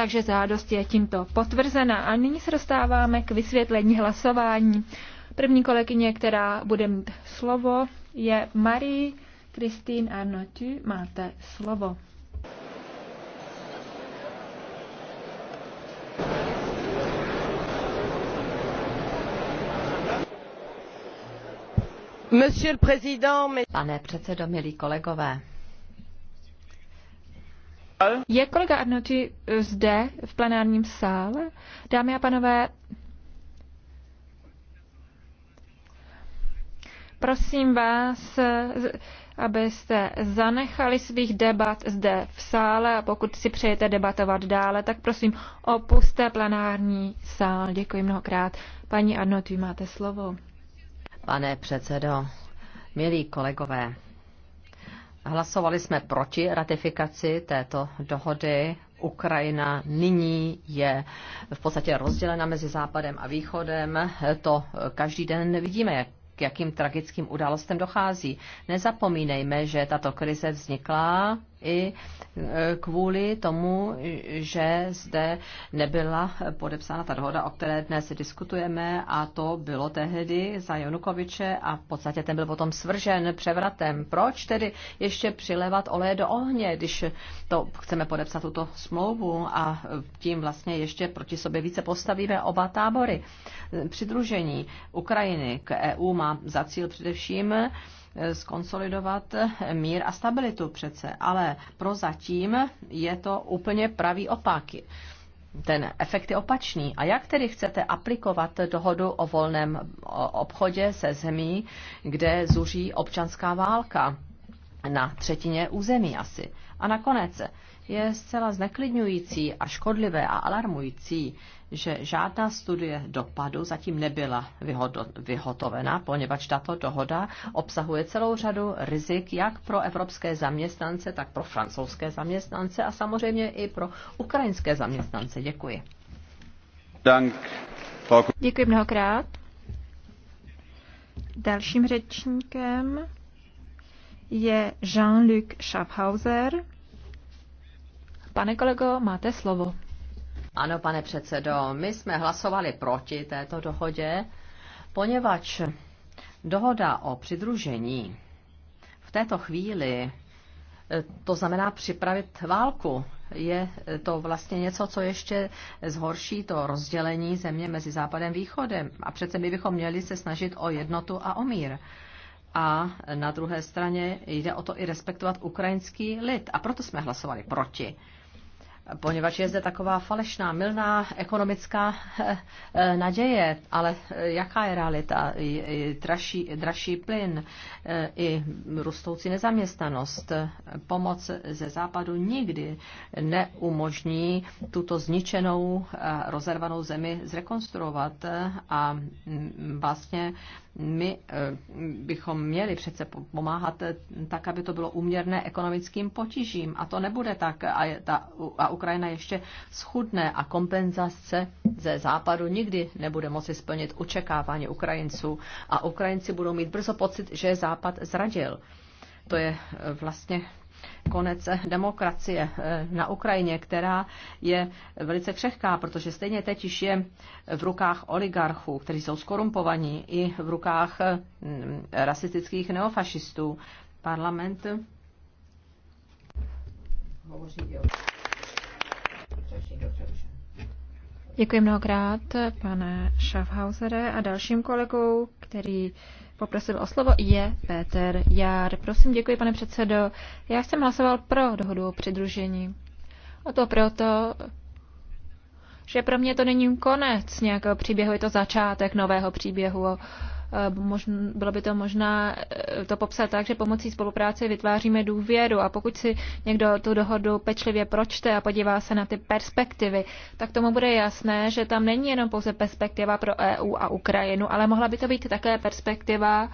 takže žádost je tímto potvrzena. A nyní se dostáváme k vysvětlení hlasování. První kolegyně, která bude mít slovo, je Marie Christine Arnotu. Máte slovo. Pane předsedo, milí kolegové, je kolega Arnoti eh, zde v plenárním sále? Dámy a panové, prosím vás, abyste zanechali svých debat zde v sále a pokud si přejete debatovat dále, tak prosím opuste plenární sál. Děkuji mnohokrát. Paní Arnoti, máte slovo. Pane předsedo, milí kolegové, Hlasovali jsme proti ratifikaci této dohody. Ukrajina nyní je v podstatě rozdělena mezi západem a východem. To každý den vidíme, jak k jakým tragickým událostem dochází. Nezapomínejme, že tato krize vznikla i e, kvůli tomu, že zde nebyla podepsána ta dohoda, o které dnes diskutujeme a to bylo tehdy za Janukoviče a v podstatě ten byl potom svržen převratem. Proč tedy ještě přilevat oleje do ohně, když to chceme podepsat tuto smlouvu a tím vlastně ještě proti sobě více postavíme oba tábory. Přidružení Ukrajiny k EU má za cíl především Eh, skonsolidovat eh, mír a stabilitu přece, ale prozatím je to úplně pravý opak. Ten efekt je opačný. A jak tedy chcete aplikovat dohodu o volném obchodě se zemí, kde zuří občanská válka? na třetině území asi. A nakonec je zcela zneklidňující a škodlivé a alarmující, že žádná studie dopadu zatím nebyla vyhotovena, poněvadž tato dohoda obsahuje celou řadu rizik jak pro evropské zaměstnance, tak pro francouzské zaměstnance a samozřejmě i pro ukrajinské zaměstnance. Děkuji. Děkuji mnohokrát. Dalším řečníkem je Jean-Luc Schaffhauser. Pane kolego, máte slovo. Ano, pane předsedo, my jsme hlasovali proti této dohodě, poněvadž dohoda o přidružení v této chvíli, to znamená připravit válku, je to vlastně něco, co ještě zhorší to rozdělení země mezi západem a východem. A přece my bychom měli se snažit o jednotu a o mír a na druhé straně jde o to i respektovat ukrajinský lid. A proto jsme hlasovali proti poněvadž je zde taková falešná, milná ekonomická eh, eh, naděje, ale eh, jaká je realita? Dražší, dražší plyn i rostoucí nezaměstnanost. Pomoc ze západu nikdy neumožní tuto zničenou, rozervanou zemi zrekonstruovat a mm, vlastně my bychom měli přece pomáhat tak, aby to bylo uměrné ekonomickým potížím. A to nebude tak. A, ta, a Ukrajina ještě schudne a kompenzace ze západu nikdy nebude moci splnit očekávání Ukrajinců a Ukrajinci budou mít brzo pocit, že západ zradil. To je eh, vlastně konec demokracie eh, na Ukrajině, která je velice křehká, protože stejně teď již je v rukách oligarchů, kteří jsou skorumpovaní, i v rukách mm, rasistických neofašistů. Parlament hovoří o... Děkuji mnohokrát, pane Schaffhausere. A dalším kolegou, který poprosil o slovo, je Peter Jár. Prosím, děkuji, pane předsedo. Já jsem hlasoval pro dohodu o přidružení. A to proto, že pro mě to není konec nějakého příběhu, je to začátek nového příběhu o Eh, bylo by to možná eh, to popsat tak, že pomocí spolupráce vytváříme důvěru a pokud si někdo tu dohodu pečlivě pročte a podívá se na ty perspektivy, tak tomu bude jasné, že tam není jenom pouze perspektiva pro EU a Ukrajinu, ale mohla by to být také perspektiva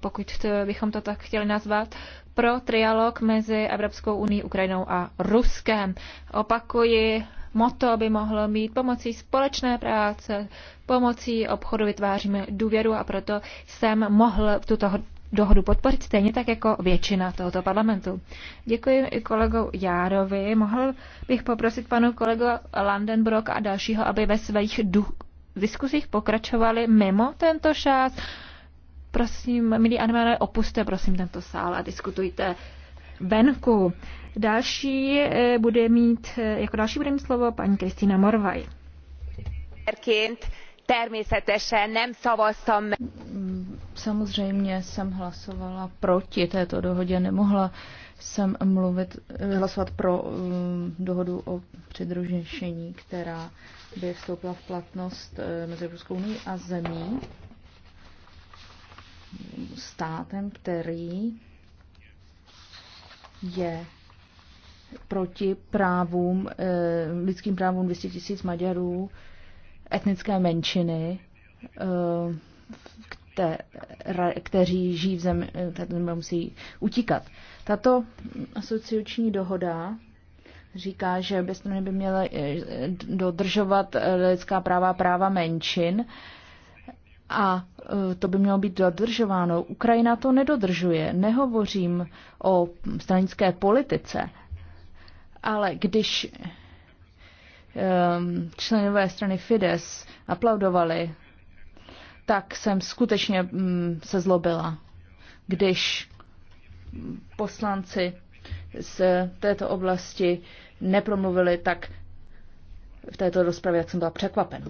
pokud bychom to tak chtěli nazvat, pro trialog mezi Evropskou unii, Ukrajinou a Ruskem. Opakuji, moto by mohlo mít pomocí společné práce, pomocí obchodu vytváříme důvěru a proto jsem mohl tuto dohodu podpořit, stejně tak jako většina tohoto parlamentu. Děkuji i kolegu Járovi. Mohl bych poprosit panu kolegu Landenbrock a dalšího, aby ve svých diskuzích pokračovali mimo tento šás. Prosím, milí animále, opuste prosím tento sál a diskutujte venku. Další eh, bude mít, eh, jako další bude mít slovo paní Kristýna Morvaj. Samozřejmě jsem hlasovala proti této dohodě, nemohla jsem mluvit, eh, hlasovat pro um, dohodu o přidružení, která by vstoupila v platnost mezi Evropskou unii a zemí, státem, který je proti právům, eh, lidským právům 200 tisíc Maďarů, etnické menšiny, eh, kte, kteří žijí v zemi, které eh, musí utíkat. Tato asociační dohoda říká, že obě strany by měly dodržovat lidská práva práva menšin a e, to by mělo být dodržováno. Ukrajina to nedodržuje. Nehovořím o stranické politice, ale když členové strany Fides aplaudovali, tak jsem skutečně mm, se zlobila, když poslanci z této oblasti nepromluvili tak v této rozpravě, jak jsem byla překvapena.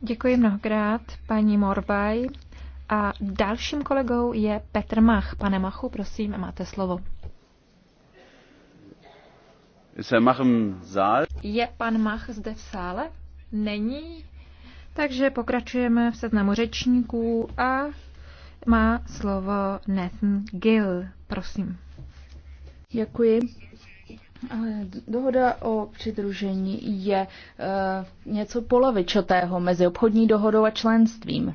Děkuji mnohokrát, paní Morbaj. A dalším kolegou je Petr Mach. Pane Machu, prosím, máte slovo. Je pan Mach zde v sále? Není. Takže pokračujeme v seznamu řečníků a má slovo Nathan Gill. Prosím. Děkuji. Dohoda o přidružení je eh, něco polovičatého mezi obchodní dohodou a členstvím.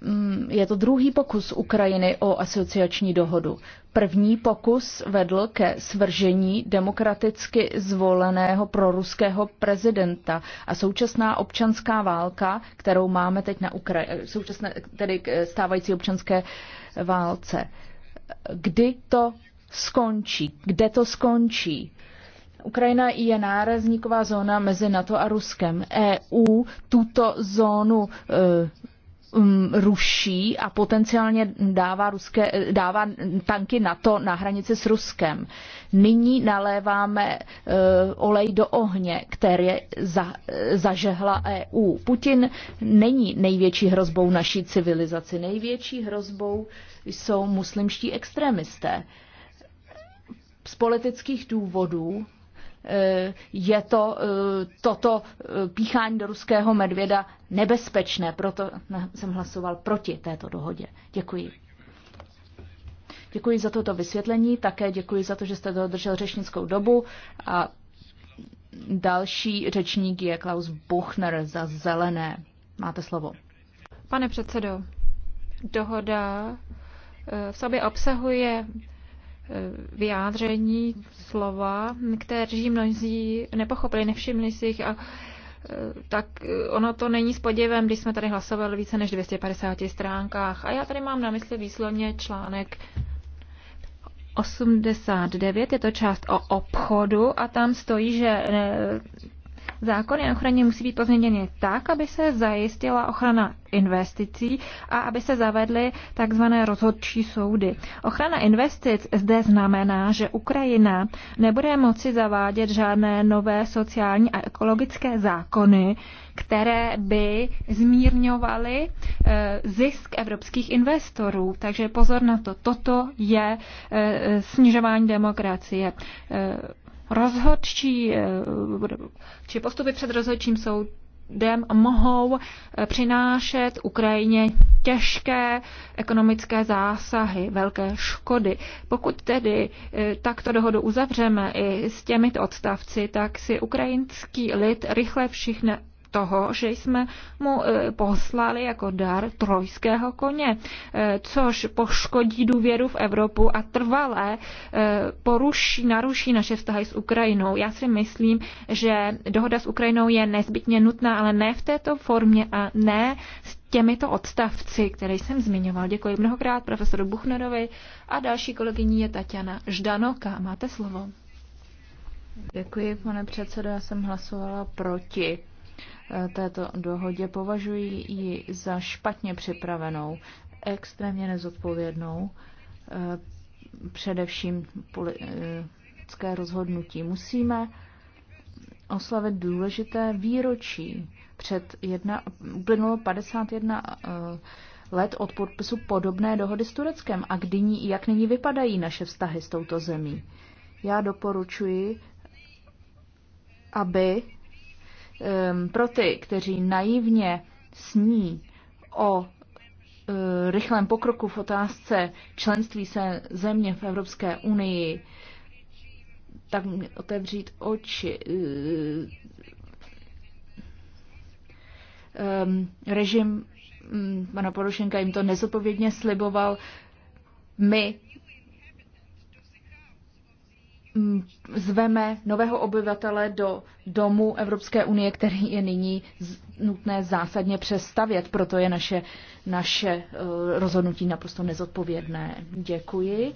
Mm, je to druhý pokus Ukrajiny o asociační dohodu. První pokus vedl ke svržení demokraticky zvoleného proruského prezidenta a současná občanská válka, kterou máme teď na Ukrajině, současné, tedy stávající občanské válce. Kdy to skončí, kde to skončí. Ukrajina je nárazníková zóna mezi NATO a Ruskem. EU tuto zónu um, ruší a potenciálně dává, ruské, eh, dává tanky NATO na hranici s Ruskem. Nyní naléváme e, olej do ohně, které za, e, zažehla EU. Putin není největší hrozbou naší civilizaci. Největší hrozbou jsou muslimští extremisté. E, z politických důvodů eh, je to, eh, toto eh, píchání do ruského medvěda nebezpečné. Proto jsem hlasoval proti této dohodě. Děkuji. Děkuji za toto vysvětlení, také děkuji za to, že jste dodržel řečnickou dobu a další řečník je Klaus Buchner za zelené. Máte slovo. Pane předsedo, dohoda v sobě obsahuje vyjádření, slova, kteří mnozí nepochopili, nevšimli si jich a e, tak e, ono to není s podivem, když jsme tady hlasovali více než 250 stránkách. A já tady mám na mysli výslovně článek 89, je to část o obchodu a tam stojí, že e, Zákony o ochraně musí být pozměněny tak, aby se zajistila ochrana investicí a aby se zavedly tzv. rozhodčí soudy. Ochrana investic zde znamená, že Ukrajina nebude moci zavádět žádné nové sociální a ekologické zákony, které by zmírňovaly eh, zisk evropských investorů. Takže pozor na to, toto je eh, snižování demokracie. Eh, rozhodčí eh, či postupy před rozhodčím soudem mohou eh, přinášet Ukrajině těžké ekonomické zásahy, velké škody. Pokud tedy eh, takto dohodu uzavřeme i s těmito odstavci, tak si ukrajinský lid rychle všichni toho, že jsme mu e, poslali jako dar trojského koně, e, což poškodí důvěru v Evropu a trvalé e, poruší, naruší naše vztahy s Ukrajinou. Já si myslím, že dohoda s Ukrajinou je nezbytně nutná, ale ne v této formě a ne s těmito odstavci, které jsem zmiňoval. Děkuji mnohokrát profesoru Buchnerovi a další kolegyní je Tatiana Ždanoka. Máte slovo. Děkuji, pane předsedo. Já jsem hlasovala proti Eh, této dohodě, považují ji za špatně připravenou, extrémně nezodpovědnou, eh, především politické rozhodnutí. Musíme oslavit důležité výročí. Před jedna, uplynulo 51 eh, let od podpisu podobné dohody s Tureckem a kdy, jak nyní vypadají naše vztahy s touto zemí. Já doporučuji, aby Ehm, pro ty, kteří naivně sní o eh, rychlém pokroku v otázce členství se země v Evropské unii, tak otevřít oči. Eh, ehm, režim mm, pana Porošenka jim to nezodpovědně sliboval. My Mm, zveme nového obyvatele do domu Evropské unie, který je nyní nutné zásadně přestavět, proto je naše, naše eh, rozhodnutí naprosto nezodpovědné. Děkuji.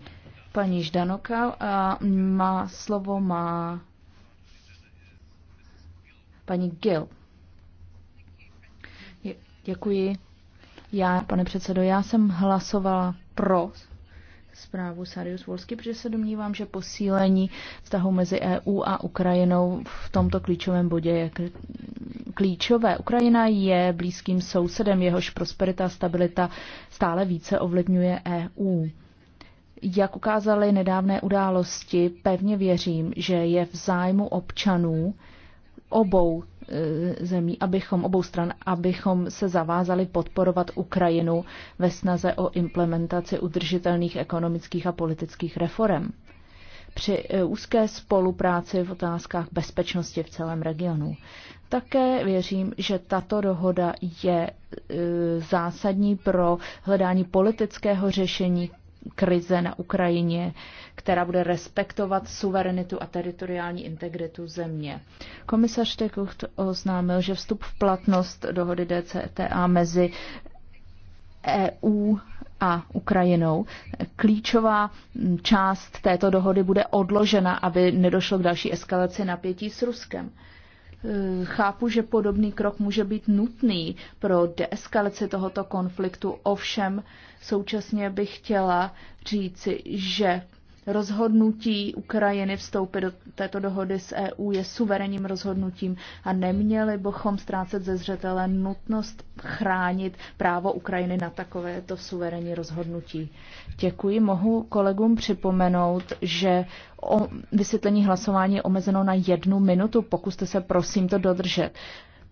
Paní Ždanoka a má slovo má paní Gil. Děkuji. Já, pane předsedo, já jsem hlasovala pro zprávu Sarius Volsky, protože se domnívám, že posílení vztahu mezi EU a Ukrajinou v tomto klíčovém bodě je klíčové. Ukrajina je blízkým sousedem, jehož prosperita a stabilita stále více ovlivňuje EU. Jak ukázaly nedávné události, pevně věřím, že je v zájmu občanů obou Eh, zemí, abychom obou stran, abychom se zavázali podporovat Ukrajinu ve snaze o implementaci udržitelných ekonomických a politických reform při eh, úzké spolupráci v otázkách bezpečnosti v celém regionu. Také věřím, že tato dohoda je eh, zásadní pro hledání politického řešení krize na Ukrajině, která bude respektovat suverenitu a teritoriální integritu země. Komisař Tekucht oznámil, že vstup v platnost dohody DCTA mezi EU a Ukrajinou. Klíčová část této dohody bude odložena, aby nedošlo k další eskalaci napětí s Ruskem. Chápu, že podobný krok může být nutný pro deeskalaci tohoto konfliktu, ovšem Současně bych chtěla říci, že rozhodnutí Ukrajiny vstoupit do této dohody s EU je suverénním rozhodnutím a neměli bychom ztrácet ze zřetele nutnost chránit právo Ukrajiny na takovéto suverénní rozhodnutí. Děkuji. Mohu kolegům připomenout, že o vysvětlení hlasování je omezeno na jednu minutu. Pokuste se prosím to dodržet.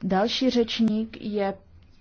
Další řečník je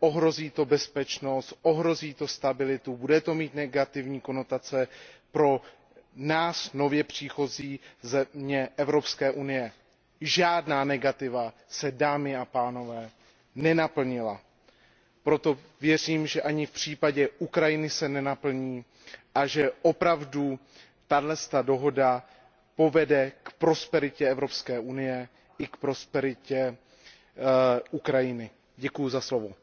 ohrozí to bezpečnost ohrozí to stabilitu bude to mít negativní konotace pro nás nově příchozí země evropské unie. žádná negativa se dámy a pánové nenaplnila. proto věřím že ani v případě ukrajiny se nenaplní a že opravdu tato dohoda povede k prosperitě evropské unie i k prosperitě eh, ukrajiny. děkuji za slovo.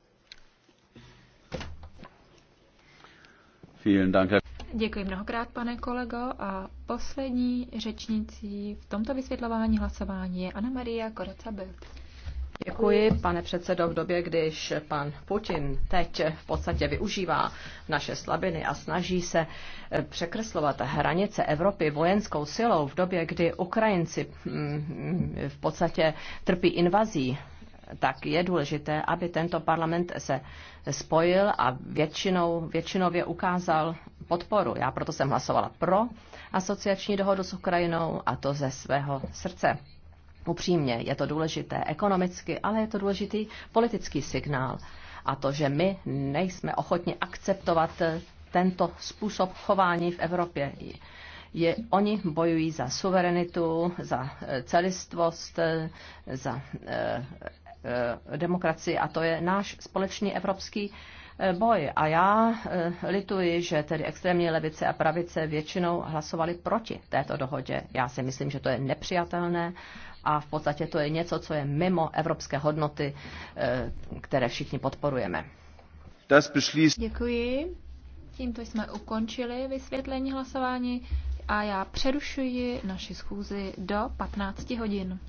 Děkuji mnohokrát, pane kolego. A poslední řečnicí v tomto vysvětlování hlasování je Anna Maria Koracabel. bild Děkuji, pane předsedo, v době, když pan Putin teď v podstatě využívá naše slabiny a snaží se eh, překreslovat hranice Evropy vojenskou silou, v době, kdy Ukrajinci mm, mm, v podstatě trpí invazí tak je důležité, aby tento parlament se spojil a většinou, většinově ukázal podporu. Já proto jsem hlasovala pro asociační dohodu s Ukrajinou a to ze svého srdce. Upřímně, je to důležité ekonomicky, ale je to důležitý politický signál. A to, že my nejsme ochotni akceptovat tento způsob chování v Evropě. Je, oni bojují za suverenitu, za eh, celistvost, eh, za eh, Eh, demokracii a to je náš společný evropský eh, boj. A já eh, lituji, že tedy extrémní levice a pravice většinou hlasovali proti této dohodě. Já si myslím, že to je nepřijatelné a v podstatě to je něco, co je mimo evropské hodnoty, které všichni podporujeme. Děkuji. Tímto jsme ukončili vysvětlení hlasování a já přerušuji naši schůzi do 15 hodin.